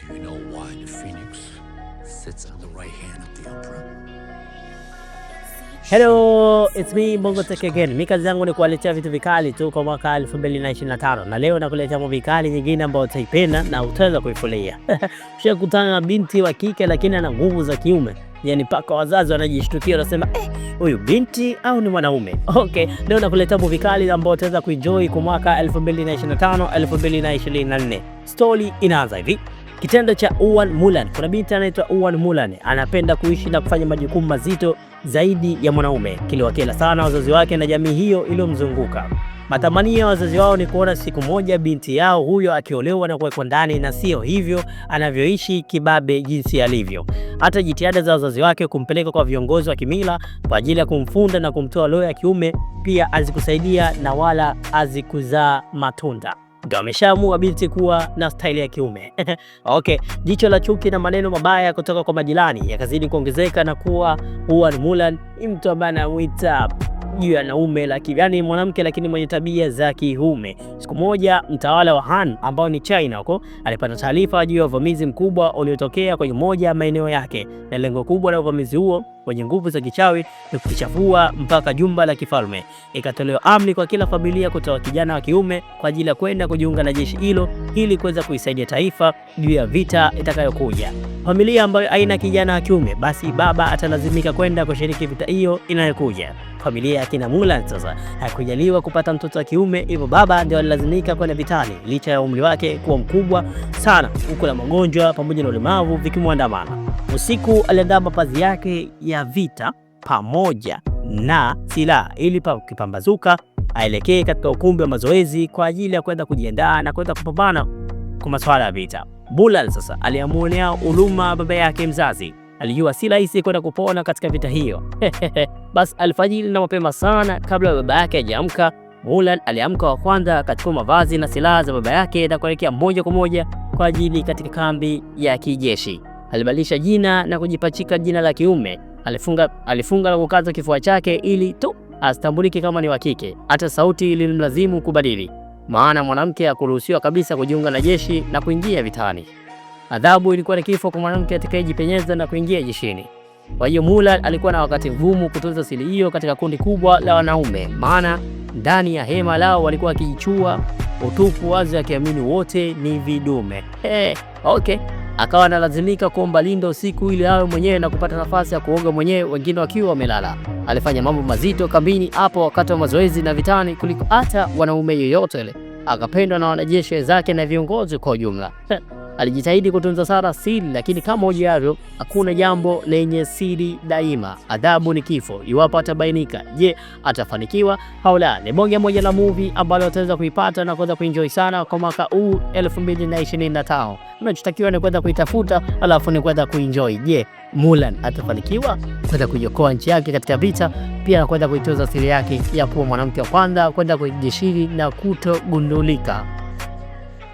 Do you know why the phoenix sits on the right hand of the emperor? Hello, it's me Bongo Tech again. Mi kazi yangu ni kuwaletea vitu vikali tu kwa mwaka 2025 na leo nakuletea movie vikali nyingine ambayo utaipenda na utaweza kuifurahia. Ushakutana na binti wa kike lakini ana nguvu za kiume, yaani paka wazazi wanajishtukia, wanasema eh, huyu binti au ni mwanaume? Okay, leo nakuletea mambo vikali ambayo utaweza kuenjoy kwa mwaka 2025 2024. Story inaanza hivi. Kitendo cha Uwan Mulan, kuna binti anaitwa Uwan Mulan, anapenda kuishi na kufanya majukumu mazito zaidi ya mwanaume, kiliwakela sana wazazi wake na jamii hiyo iliyomzunguka. Matamanio ya wazazi wao ni kuona siku moja binti yao huyo akiolewa na kuwekwa ndani, na sio hivyo anavyoishi kibabe jinsi alivyo. Hata jitihada za wazazi wake kumpeleka kwa viongozi wa kimila kwa ajili ya kumfunda na kumtoa roho ya kiume pia hazikusaidia na wala hazikuzaa matunda. Ameshaamua binti kuwa na staili ya kiume. Okay, jicho la chuki na maneno mabaya kutoka kwa majirani yakazidi kuongezeka na kuwa Huan Mulan ni mtu ambaye anamwita juu ya naume lakini, yani mwanamke lakini mwenye tabia za kiume. Siku moja mtawala wa Han ambao ni China huko alipata taarifa juu ya uvamizi mkubwa uliotokea kwenye moja ya maeneo yake, na lengo kubwa la uvamizi huo wenye nguvu za kichawi ni kuchafua mpaka jumba la kifalme. Ikatolewa amri kwa kila familia kutoa kijana wa kiume kwa ajili ya kwenda kujiunga na jeshi hilo ili kuweza kuisaidia taifa juu ya vita itakayokuja. Familia ambayo haina kijana wa kiume, basi baba atalazimika kwenda kushiriki vita hiyo inayokuja familia ya kina Mulan sasa hakujaliwa kupata mtoto wa kiume, hivyo baba ndio alilazimika kwenda vitani, licha ya umri wake kuwa mkubwa sana, huku na magonjwa pamoja na ulemavu vikimwandamana. Usiku aliandaa mapazi yake ya vita pamoja na silaha ili pakipambazuka aelekee katika ukumbi wa mazoezi kwa ajili ya kwenda kujiandaa na kwenda kupambana kwa masuala ya vita. Bulal sasa aliamuonea huruma baba yake mzazi Alijua si rahisi kwenda kupona katika vita hiyo. Basi alfajiri na mapema sana, kabla baba yake hajaamka, Mulan aliamka wa kwanza, akachukua mavazi na silaha za baba yake na kuelekea moja kwa moja kwa ajili katika kambi ya kijeshi. Alibadilisha jina na kujipachika jina la kiume. Alifunga, alifunga na kukaza kifua chake ili tu asitambulike kama ni wa kike. Hata sauti ilimlazimu kubadili, maana mwanamke hakuruhusiwa kabisa kujiunga na jeshi na kuingia vitani. Adhabu ilikuwa ni kifo kwa mwanamke atakayejipenyeza na kuingia jeshini. Kwa hiyo Mula alikuwa na wakati mgumu kutunza siri hiyo katika kundi kubwa la wanaume, maana ndani ya hema lao walikuwa wakijichua utupu wazi, akiamini wote ni vidume. Hey, eh, okay. Akawa analazimika kuomba lindo usiku ili awe mwenyewe na kupata nafasi ya kuoga mwenyewe, wengine wakiwa wamelala. Alifanya mambo mazito kambini hapo wakati wa mazoezi na vitani kuliko hata wanaume yoyote ile. Akapendwa na wanajeshi wenzake na viongozi kwa ujumla. Alijitahidi kutunza sara siri, lakini kama ujuavyo, hakuna jambo lenye siri daima. Adhabu ni kifo iwapo atabainika. Je, atafanikiwa au la? Ni bonge moja la movie ambalo utaweza kuipata na kuweza kuenjoy sana kwa mwaka huu 2025. Unachotakiwa ni kwenda kuitafuta, alafu ni kwenda kuenjoy. Je, Mulan atafanikiwa kwenda kuiokoa nchi yake katika vita, pia na kwenda kuitunza siri yake ya kuwa mwanamke wa kwanza kwenda kujishiri na kutogundulika.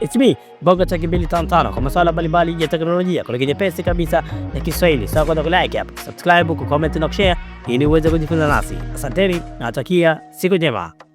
SB Bongo Tech 255 kwa masuala mbalimbali ya teknolojia kwa lugha nyepesi kabisa ya Kiswahili. Sawa, kwa like hapa, subscribe, kucomment na kushare ili uweze kujifunza nasi. Asanteni, natakia siku njema.